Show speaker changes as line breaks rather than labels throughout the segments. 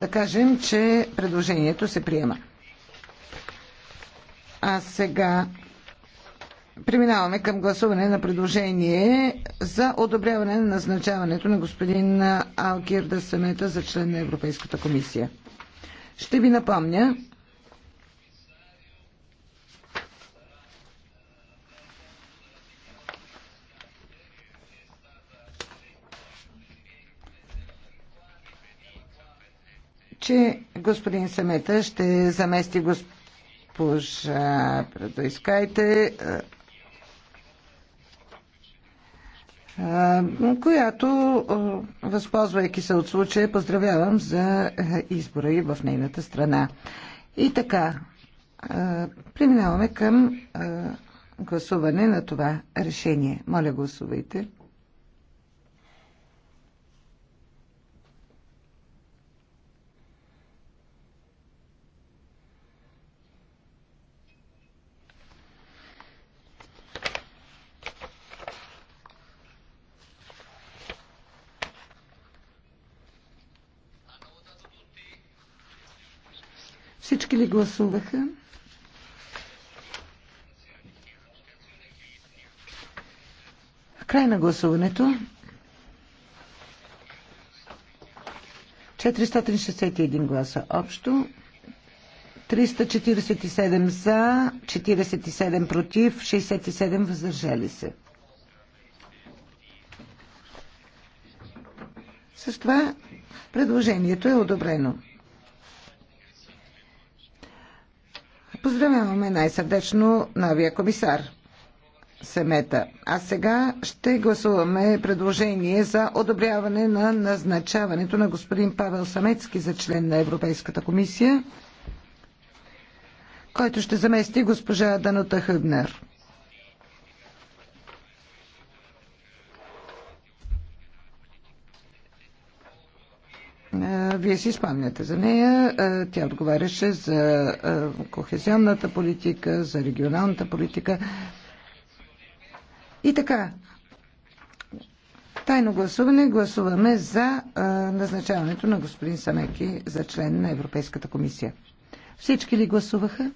Да кажем, че предложението се приема. А сега преминаваме към гласуване на предложение за одобряване на назначаването на господин Алкир Дасамета за член на Европейската комисия. Ще ви напомня, че господин Самета ще замести госпожа Предоискайте, която, възползвайки се от случая, поздравявам за избора и в нейната страна. И така, преминаваме към гласуване на това решение. Моля, гласувайте. Всички ли гласуваха? Край на гласуването. 461 гласа общо. 347 за, 47 против, 67 въздържали се. С това предложението е одобрено. Поздравяваме най-сърдечно новия комисар Семета. А сега ще гласуваме предложение за одобряване на назначаването на господин Павел Самецки за член на Европейската комисия, който ще замести госпожа Данута Хъбнер. Вие си спомняте за нея. Е, тя отговаряше за е, кохезионната политика, за регионалната политика. И така, тайно гласуване гласуваме за е, назначаването на господин Самеки за член на Европейската комисия. Всички ли гласуваха?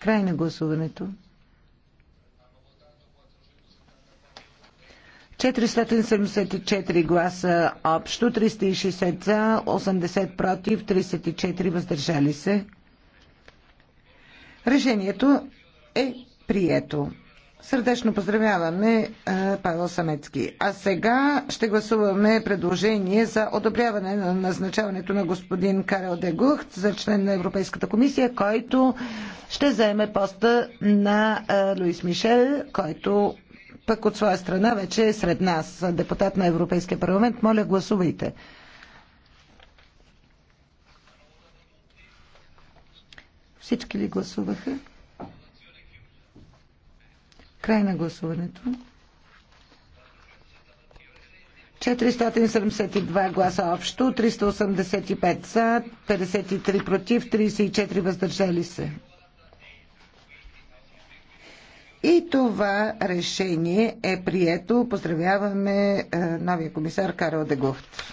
Край на гласуването. 474 гласа общо, 360 за, 80 против, 34 въздържали се. Решението е прието. Сърдечно поздравяваме Павел Самецки. А сега ще гласуваме предложение за одобряване на назначаването на господин Карел Дегухт за член на Европейската комисия, който ще заеме поста на Луис Мишел, който пък от своя страна вече е сред нас, депутат на Европейския парламент. Моля, гласувайте. Всички ли гласуваха? Край на гласуването. 472 гласа общо, 385 за, 53 против, 34 въздържали се. И това решение е прието. Поздравяваме е, новия комисар Карл Дегухт.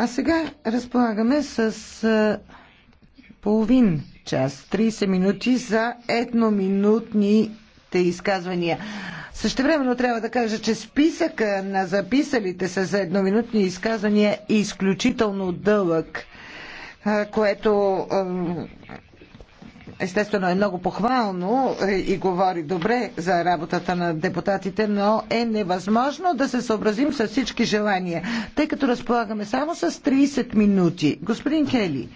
А сега разполагаме с е, половин час. 30 минути за едноминутните изказвания. времено трябва да кажа, че списъка на записалите се за едноминутни изказвания е изключително дълъг, което естествено е много похвално е, и говори добре за работата на депутатите, но е невъзможно да се съобразим с всички желания, тъй като разполагаме само с 30 минути. Господин Кели.